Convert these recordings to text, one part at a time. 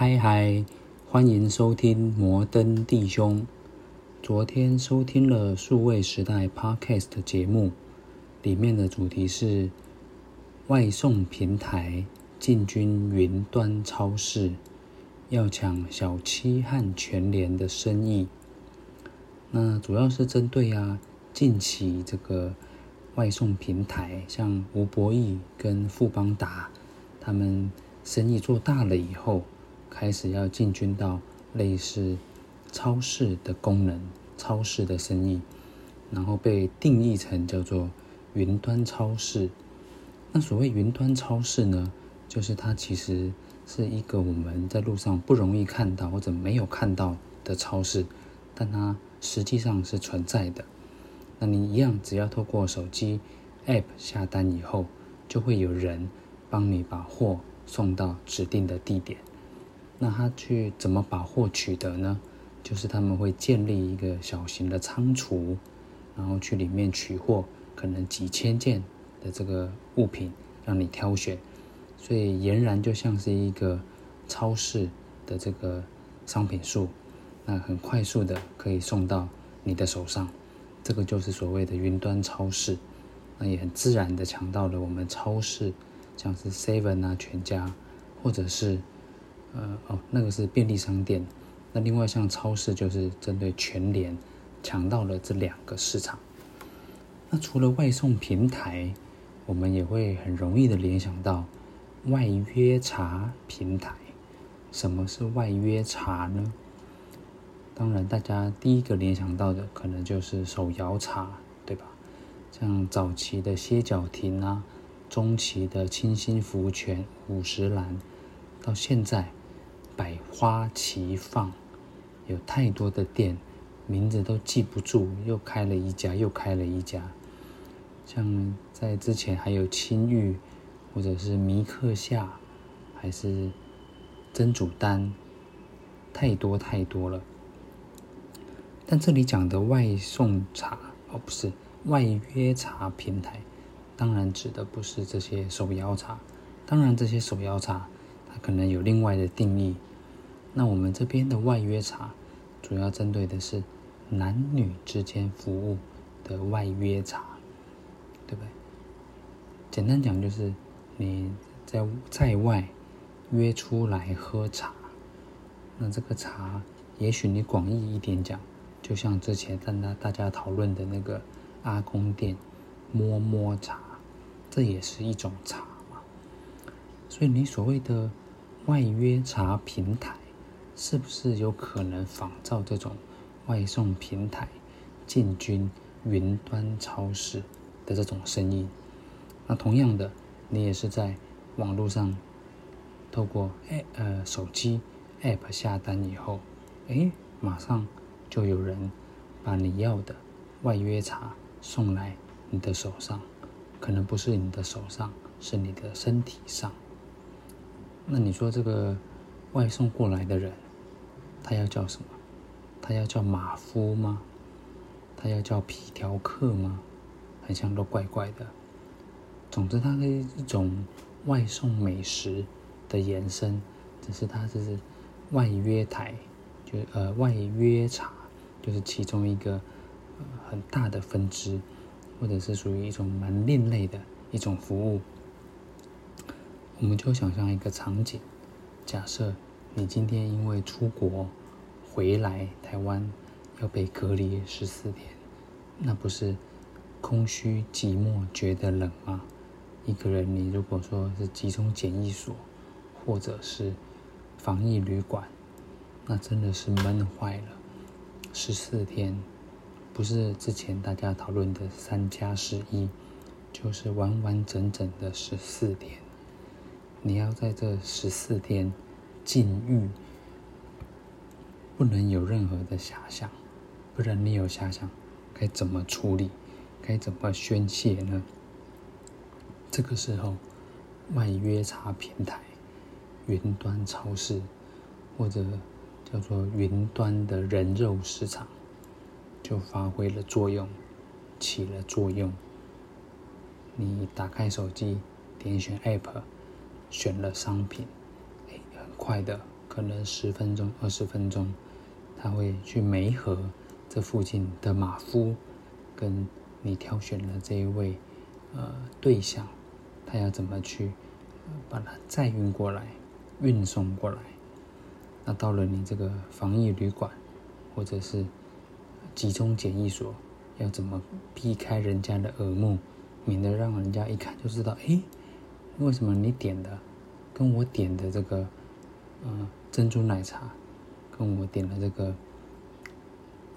嗨嗨，hi hi, 歡迎收聽摩登弟兄。昨天收聽了數位時代 podcast 的節目，裡面的主題是外送平台進軍雲端超市，要搶小七和全聯的生意。那主要是針對啊，近期這個外送平台，像吳伯義跟富邦達，他們生意做大了以後。開始要進軍到類似超市的功能、超市的生意，然後被定義成叫做雲端超市。那所謂雲端超市呢，就是它其實是一個我們在路上不容易看到或者沒有看到的超市，但它實際上是存在的。那你一樣，只要透過手機 App 下單以後，就會有人幫你把貨送到指定的地點。那他去怎麼把貨取得呢？就是他們會建立一個小型的倉儲，然後去裡面取貨，可能幾千件的這個物品讓你挑選，所以儼然就像是一個超市的這個商品數，那很快速的可以送到你的手上，這個就是所謂的雲端超市，那也很自然的搶到了我們超市像是 seven 啊、全家或者是。呃哦，那個是便利商店，那另外像超市就是針對全聯搶到了這兩個市場。那除了外送平台，我們也會很容易地聯想到外約茶平台。什麼是外約茶呢？當然，大家第一個聯想到的可能就是手搖茶，對吧？像早期的歇腳亭啊，中期的清心福全、五十嵐，到現在。百花齊放，有太多的店名字都記不住，又開了一家，又開了一家。像在之前還有清玉，或者是迷客夏，還是珍煮丹，太多太多了。但這裡講的外送茶，哦，不是外約茶平台，當然指的不是這些手搖茶。當然，這些手搖茶它可能有另外的定義。那我們這邊的外約茶，主要針對的是男女之間服務的外約茶，對不對？簡單講就是你在在外約出來喝茶，那這個茶，也許你廣義一點講，就像之前大家大家討論的那個阿公店摸摸茶，這也是一種茶嘛。所以你所謂的外約茶平台。是不是有可能仿照這種外送平台進軍雲端超市的這種聲音，那同樣的，你也是在網絡上透過呃手機 app 下單以後，誒、哎，馬上就有人把你要的外約茶送來你的手上，可能不是你的手上，是你的身體上。那你說這個外送過來的人，他要叫什麼？他要叫馬夫嗎？他要叫皮條客嗎？很像都怪怪的。總之，它是一種外送美食的延伸，只是它是外約台，就是，呃外約茶，就是其中一個很大的分支，或者是屬於一種蠻另類的一種服務。我們就想象一個場景，假設。你今天因為出國回來台灣，要被隔離十四天，那不是空虛寂寞覺得冷嗎？一個人，你如果說是集中檢疫所，或者是防疫旅館，那真的是悶壞了。十四天，不是之前大家討論的三加十一，11, 就是完完整整的十四天，你要在這十四天。禁慾，不能有任何的遐想不然你有遐想，該怎麼處理？該怎麼宣洩呢？這個時候，外約茶平台、雲端超市，或者叫做雲端的人肉市場，就發揮了作用，起了作用。你打開手機，點選 App，選了商品。快的，可能十分鐘、二十分鐘，他會去梅河這附近的馬夫，跟你挑選了這一位，呃，對象，他要怎麼去、呃、把他載運過來、運送過來？那到了你這個防疫旅館或者是集中檢疫所，要怎麼避開人家的耳目，免得讓人家一看就知道，哎，為什麼你點的跟我點的這個？嗯、呃，珍珠奶茶，跟我點了這個，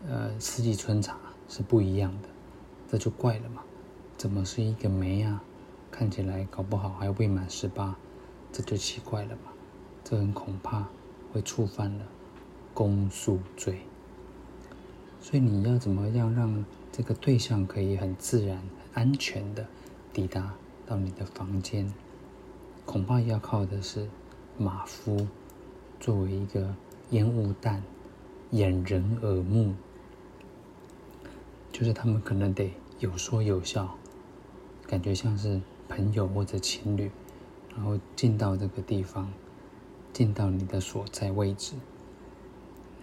呃，四季春茶是不一樣的，這就怪了嘛，怎麼是一個妹啊？看起來搞不好還未滿十八，這就奇怪了嘛，這很恐怕會觸犯了公訴罪。所以你要怎麼樣讓這個對象可以很自然、安全的抵達到你的房間？恐怕要靠的是馬夫。作為一個煙霧彈，掩人耳目，就是他們可能得有說有笑，感覺像是朋友或者情侶，然後進到這個地方，進到你的所在位置，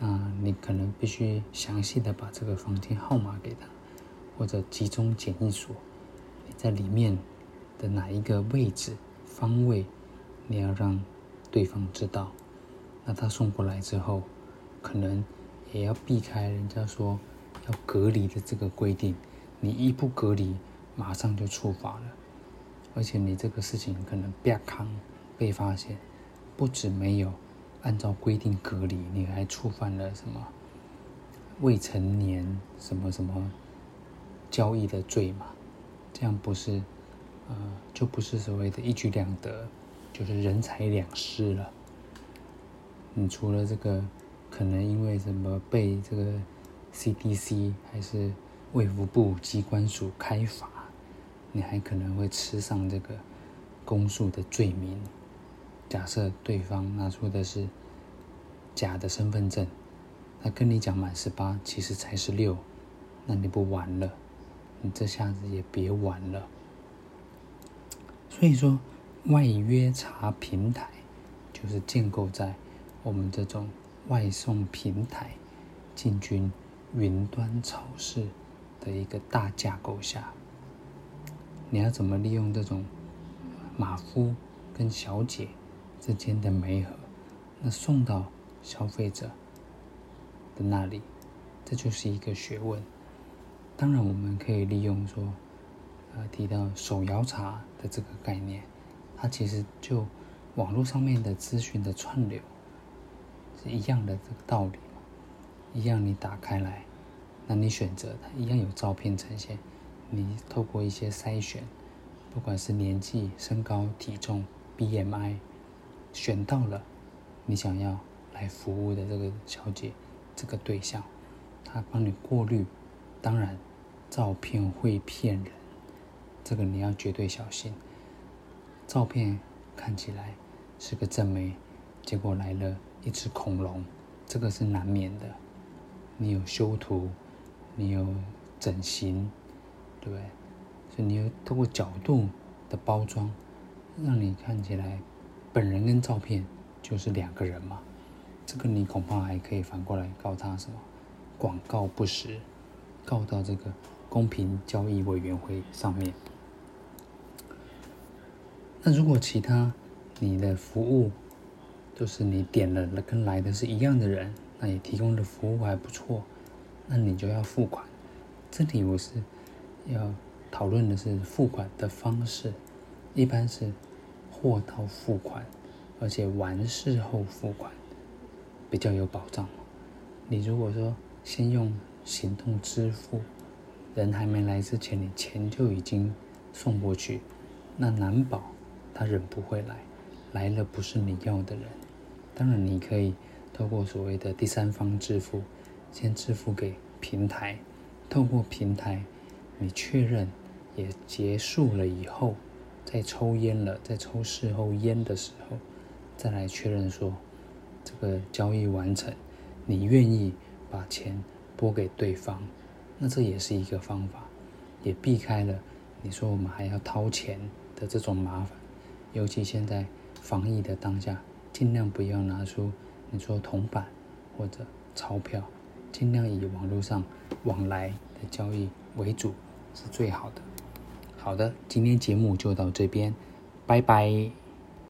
那你可能必須詳細地把這個房間號碼給他，或者集中檢疫所，你在裡面的哪一個位置方位，你要讓對方知道。那他送過來之後，可能也要避開人家說要隔離的這個規定。你一不隔離，馬上就觸法了。而且你這個事情可能被康被發現，不止沒有按照規定隔離，你還觸犯了什麼未成年什麼什麼交易的罪嘛？這樣不是，呃，就不是所謂的一舉兩得，就是人財兩失了。你除了這個，可能因為什麼被這個 CDC 還是衛福部機關署開罰，你還可能會吃上這個公訴的罪名。假設對方拿出的是假的身份證，他跟你講滿十八，其實才十六，那你不玩了，你這下子也別玩了。所以說，外約查平台就是建構在。我們這種外送平台進軍雲端超市的一個大架構下，你要怎麼利用這種馬夫跟小姐之間的媒合，那送到消費者的那裡，這就是一個學問。當然，我們可以利用說，呃提到手搖茶的這個概念，它其實就網絡上面的資訊的串流。是一樣的這個道理嘛，一樣你打開來，那你選擇它一樣有照片呈現，你透過一些篩選，不管是年紀、身高、體重、BMI，選到了你想要來服務的這個小姐，這個對象，他幫你過濾，當然，照片會騙人，這個你要絕對小心，照片看起來是個正妹，結果來了。一隻恐龍，這個是難免的。你有修圖，你有整形，對不對？所以你有透過角度的包裝，讓你看起來本人跟照片就是兩個人嘛。這個你恐怕還可以反過來告他什麼廣告不實，告到這個公平交易委員會上面。那如果其他你的服務，就是你點了跟來的是一樣的人，那你提供的服務還不錯，那你就要付款。這裡我是要討論的是付款的方式，一般是貨到付款，而且完事後付款比較有保障。你如果說先用行動支付，人還沒來之前你錢就已經送過去，那難保他人不會來，來了不是你要的人。當然，你可以透過所謂的第三方支付，先支付給平台，透過平台，你確認也結束了以後，再抽煙了，再抽事後煙的時候，再來確認說這個交易完成，你願意把錢撥給對方，那這也是一個方法，也避開了你說我們還要掏錢的這種麻煩，尤其現在防疫的當下。盡量不要拿出你說銅板或者鈔票，盡量以網絡上往來的交易為主，是最好的。好的，今天節目就到這邊，拜拜。